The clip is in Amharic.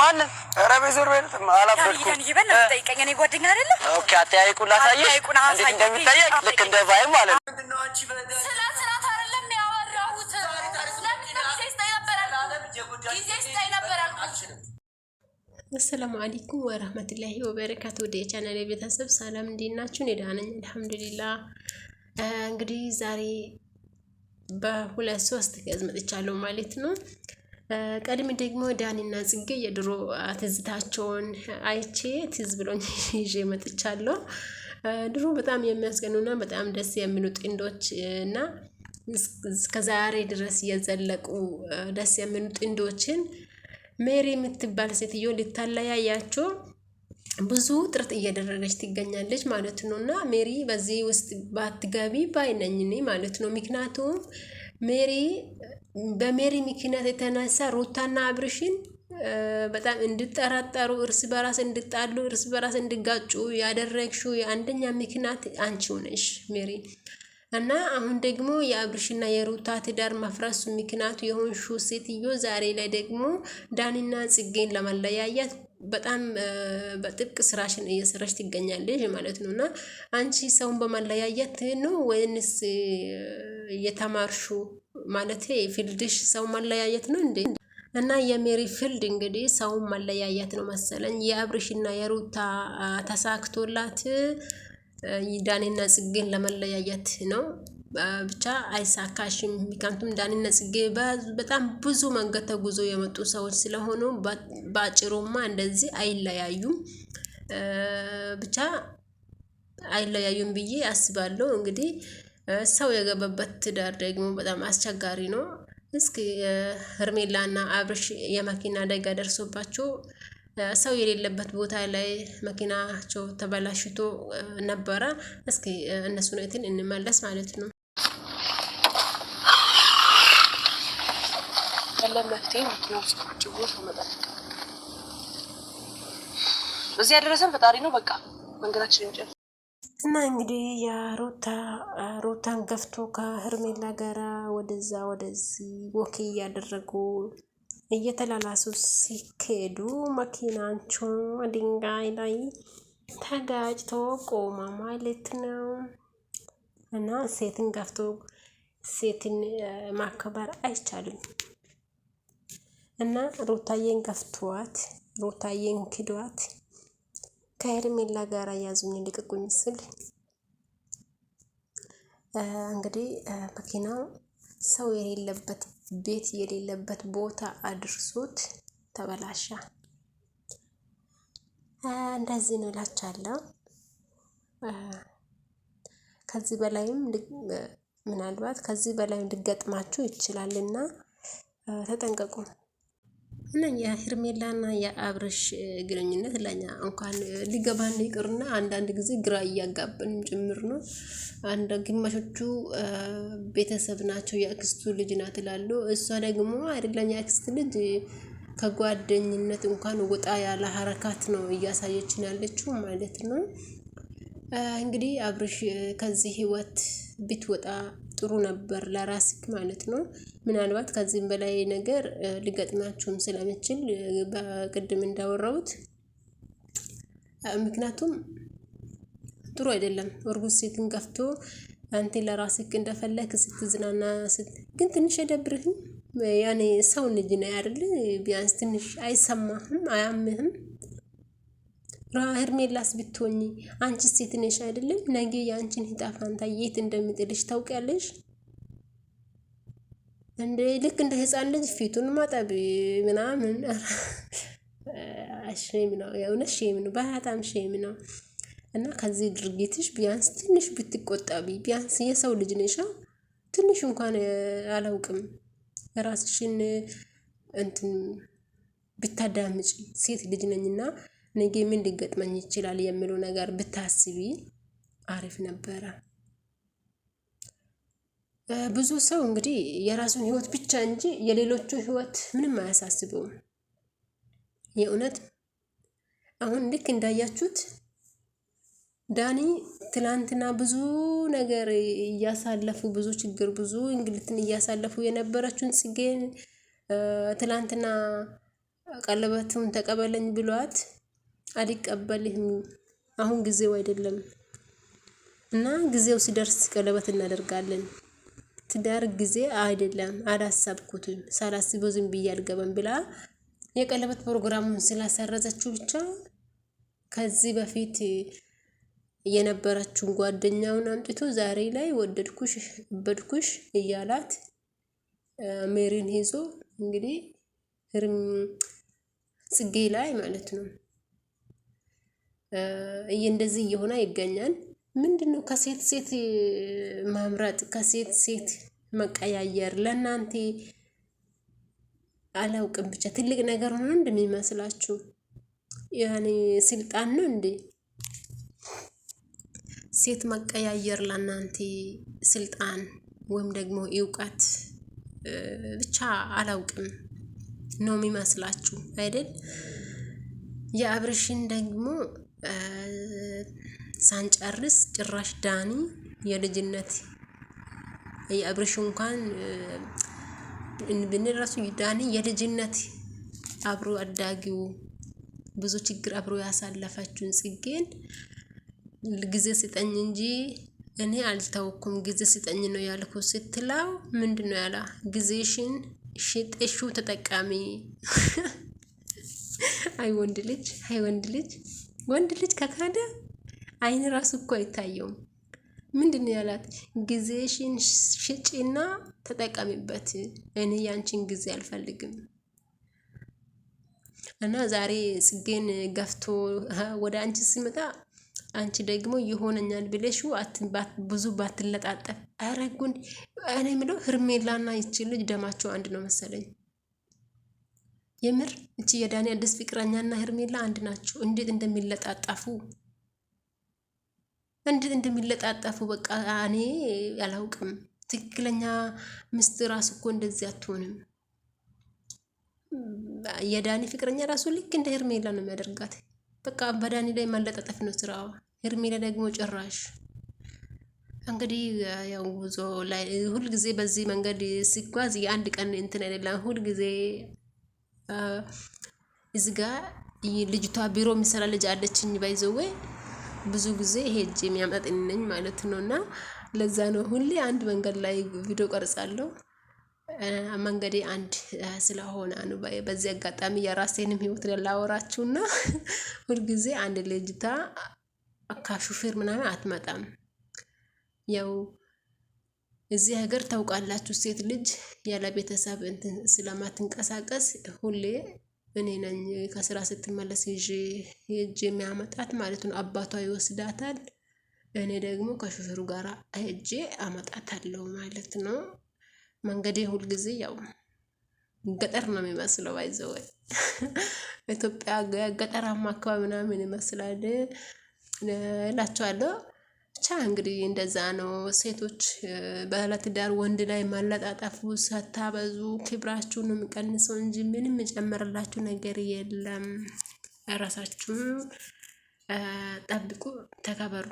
ማንን? ኧረ በይ ዞር በይ። እኔ ጓደኛ አይደለም። አሰላሙ አለይኩም ወረህመቱላሂ ወበረካቱ። ወደ የቻናል ቤተሰብ ሰላም፣ እንዴት ናችሁ? እኔ ደህና ነኝ አልሐምዱሊላህ። እንግዲህ ዛሬ በሁለት ሶስት ገዝ መጥቻለሁ ማለት ነው ቀድም ደግሞ ዳኒና ጽጌ የድሮ ትዝታቸውን አይቼ ትዝ ብሎኝ ይዤ መጥቻለሁ። ድሮ በጣም የሚያስቀኑና በጣም ደስ የሚሉ ጥንዶች እና ዛሬ ድረስ የዘለቁ ደስ የሚሉ ጥንዶችን ሜሪ የምትባል ሴትዮ ልታለያያቸው ብዙ ጥረት እያደረገች ትገኛለች ማለት ነው። እና ሜሪ በዚህ ውስጥ ባትገቢ ባይነኝ ማለት ነው። ምክንያቱም ሜሪ በሜሪ ምክንያት የተነሳ ሩታና አብርሽን በጣም እንድጠራጠሩ እርስ በራስ እንድጣሉ እርስ በራስ እንድጋጩ ያደረግሹ የአንደኛ ምክንያት አንቺው ነሽ ሜሪ። እና አሁን ደግሞ የአብርሽና የሩታ ትዳር መፍረሱ ምክንያቱ የሆንሹ ሴትዮ ዛሬ ላይ ደግሞ ዳኒና ጽጌን ለማለያያት በጣም በጥብቅ ስራሽን እየሰራሽ ትገኛለሽ ማለት ነው። እና አንቺ ሰውን በማለያየት ነው ወይንስ የተማርሹ ማለት ፊልድሽ ሰው ማለያየት ነው እንዴ? እና የሜሪ ፊልድ እንግዲህ ሰውን ማለያየት ነው መሰለኝ። የአብርሽና የሩታ ተሳክቶላት ዳኔና ጽጌን ለመለያየት ነው። ብቻ አይሳካሽም። ምክንያቱም ዳንና ጽጌ በጣም ብዙ መንገድ ተጉዞ የመጡ ሰዎች ስለሆኑ በአጭሩማ እንደዚህ አይለያዩም። ብቻ አይለያዩም ብዬ አስባለሁ እንግዲህ ሰው የገባበት ትዳር ደግሞ በጣም አስቸጋሪ ነው። እስኪ ሄርሜላና አብርሽ የመኪና አደጋ ደርሶባቸው ሰው የሌለበት ቦታ ላይ መኪናቸው ተበላሽቶ ነበረ። እስኪ እነሱ ነትን እንመለስ ማለት ነው። እዚህ ያደረሰን ፈጣሪ ነው። በቃ መንገዳችን እንጨት እና እንግዲህ የሩታ ሩታን ገፍቶ ከህርሜላ ጋራ ወደዛ ወደዚህ ወክ እያደረጉ እየተላላሱ ሲካሄዱ መኪናቸው ድንጋይ ላይ ተጋጭቶ ቆማ ማለት ነው። እና ሴትን ገፍቶ ሴትን ማከበር አይቻልም። እና ሩታዬን ገፍቷት ሩታዬን ክዷት ከሄርሜላ ጋር ያዙኝ ልቅቁኝ ስል እንግዲህ መኪና ሰው የሌለበት ቤት የሌለበት ቦታ አድርሶት ተበላሻ። እንደዚህ ነው እላችኋለሁ። ከዚህ በላይም ምናልባት ከዚህ በላይም ሊገጥማችሁ ይችላልና ተጠንቀቁ። እና የሄርሜላና የአብርሽ ግንኙነት ለኛ እንኳን ሊገባን ይቅርና አንዳንድ ጊዜ ግራ እያጋብን ጭምር ነው። አንድ ግማሾቹ ቤተሰብ ናቸው፣ የአክስቱ ልጅ ናት ይላሉ። እሷ ደግሞ አይደለም የአክስት ልጅ ከጓደኝነት እንኳን ወጣ ያለ ሀረካት ነው እያሳየችን ያለችው ማለት ነው። እንግዲህ አብርሽ ከዚህ ህይወት ብትወጣ ጥሩ ነበር ለራስክ ማለት ነው። ምናልባት ከዚህም በላይ ነገር ሊገጥማችሁም ስለምችል በቅድም እንዳወራሁት ምክንያቱም ጥሩ አይደለም። እርጉዝ ሴትን ገፍቶ አንቴ ለራስክ እንደፈለክ ስትዝናና ግን ትንሽ አይደብርህም? ያኔ ሰውን ልጅ ነው አይደል? ቢያንስ ትንሽ አይሰማህም? አያምህም? ሄርሜላስ ብትሆኝ አንቺ ሴት ነሽ አይደለም? ነገ የአንቺን ዕጣ ፈንታ የት እንደሚጥልሽ ታውቂያለሽ። እንደ ልክ እንደ ህፃን ልጅ ፊቱን ማጠብ ምናምን ሼም ነው፣ የእውነት ሼም ነው፣ በጣም ሼም ነው። እና ከዚህ ድርጊትሽ ቢያንስ ትንሽ ብትቆጠቢ፣ ቢያንስ የሰው ልጅ ነሻ፣ ትንሽ እንኳን አላውቅም ራስሽን እንትን ብታዳምጪ ሴት ልጅ ነኝና ነገ ምን ሊገጥመኝ ይችላል የሚሉ ነገር ብታስቢ አሪፍ ነበረ። ብዙ ሰው እንግዲህ የራሱን ህይወት ብቻ እንጂ የሌሎቹ ህይወት ምንም አያሳስበውም። የእውነት አሁን ልክ እንዳያችሁት ዳኒ ትላንትና ብዙ ነገር እያሳለፉ ብዙ ችግር ብዙ እንግልትን እያሳለፉ የነበረችውን ጽጌን ትላንትና ቀለበቱን ተቀበለኝ ብሏት አልቀበልህም አሁን ጊዜው አይደለም እና ጊዜው ሲደርስ ቀለበት እናደርጋለን። ትዳር ጊዜ አይደለም አላሳብኩትም ሳላስበው ዝም ብዬ አልገባም ብላ የቀለበት ፕሮግራሙን ስላሰረዘችው ብቻ ከዚህ በፊት የነበረችውን ጓደኛውን አምጥቶ ዛሬ ላይ ወደድኩሽ ከበድኩሽ እያላት ሜሪን ይዞ እንግዲህ ጽጌ ላይ ማለት ነው እንደዚህ እየሆነ ይገኛል። ምንድን ነው ከሴት ሴት ማምረጥ፣ ከሴት ሴት መቀያየር ለእናንተ አላውቅም ብቻ ትልቅ ነገር ሆኖ እንደሚመስላችሁ ያኔ ስልጣን ነው እንዴ? ሴት መቀያየር ለእናንተ ስልጣን ወይም ደግሞ እውቀት ብቻ አላውቅም ነው የሚመስላችሁ አይደል? የአብርሽን ደግሞ ሳንጨርስ ጭራሽ ዳኒ የልጅነት የአብርሽ እንኳን ራሱ ዳኒ የልጅነት አብሮ አዳጊው ብዙ ችግር አብሮ ያሳለፈችውን ጽጌን ጊዜ ስጠኝ እንጂ እኔ አልተውኩም፣ ጊዜ ስጠኝ ነው ያልኩ ስትላው ምንድን ነው ያላ ጊዜሽን ሽጤሹ ተጠቃሚ። አይ ወንድ ልጅ አይ ወንድ ልጅ ወንድ ልጅ ከካደ አይን ራሱ እኮ አይታየውም። ምንድን ነው ያላት? ጊዜሽን ሽጪና ተጠቀሚበት። እኔ ያንቺን ጊዜ አልፈልግም። እና ዛሬ ጽጌን ገፍቶ ወደ አንቺ ሲመጣ አንቺ ደግሞ ይሆነኛል ብለሽ ብዙ ባትለጣጠፍ። አረጉን እኔ የምለው ህርሜላና ይቺ ልጅ ደማቸው አንድ ነው መሰለኝ። የምር እቺ የዳኒ አዲስ ፍቅረኛና ሄርሜላ አንድ ናቸው። እንዴት እንደሚለጣጠፉ እንዴት እንደሚለጣጠፉ በቃ እኔ አላውቅም። ትክክለኛ ሚስት ራሱ እኮ እንደዚህ አትሆንም። የዳኒ ፍቅረኛ ራሱ ልክ እንደ ሄርሜላ ነው የሚያደርጋት። በቃ በዳኒ ላይ ማለጣጠፍ ነው ስራዋ። ሄርሜላ ደግሞ ጭራሽ እንግዲህ ያው ጉዞ ላይ ሁልጊዜ በዚህ መንገድ ሲጓዝ የአንድ ቀን እንትን አይደለም ሁልጊዜ እዚ ጋ ልጅቷ ቢሮ የሚሰራ ልጅ አለችኝ ባይዘዌ ብዙ ጊዜ ሄጄ የሚያመጣት እኔ ነኝ ማለት ነው። እና ለዛ ነው ሁሌ አንድ መንገድ ላይ ቪዲዮ ቀርጻለሁ። መንገዴ አንድ ስለሆነ ነው። በዚህ አጋጣሚ የራሴንም ህይወት ላወራችሁ ላወራችሁና ሁልጊዜ አንድ ልጅታ ሹፌር ምናምን አትመጣም ያው እዚህ ሀገር ታውቃላችሁ ሴት ልጅ ያለ ቤተሰብ እንትን ስለማትንቀሳቀስ ሁሌ እኔ ነኝ ከስራ ስትመለስ ይዤ ሄጄ የሚያመጣት ማለት ነው። አባቷ ይወስዳታል፣ እኔ ደግሞ ከሹፌሩ ጋር ሄጄ አመጣታለሁ ማለት ነው። መንገዴ ሁልጊዜ ያው ገጠር ነው የሚመስለው። ባይዘወ ኢትዮጵያ ገጠራማ አካባቢ ምናምን ይመስላል እላቸዋለሁ። ብቻ እንግዲህ እንደዛ ነው። ሴቶች ዳር ወንድ ላይ ማለጣጠፉ ሳታበዙ ክብራችሁን ቀንሰው እንጂ ምንም የጨመረላችሁ ነገር የለም። ራሳችሁ ጠብቁ፣ ተከበሩ።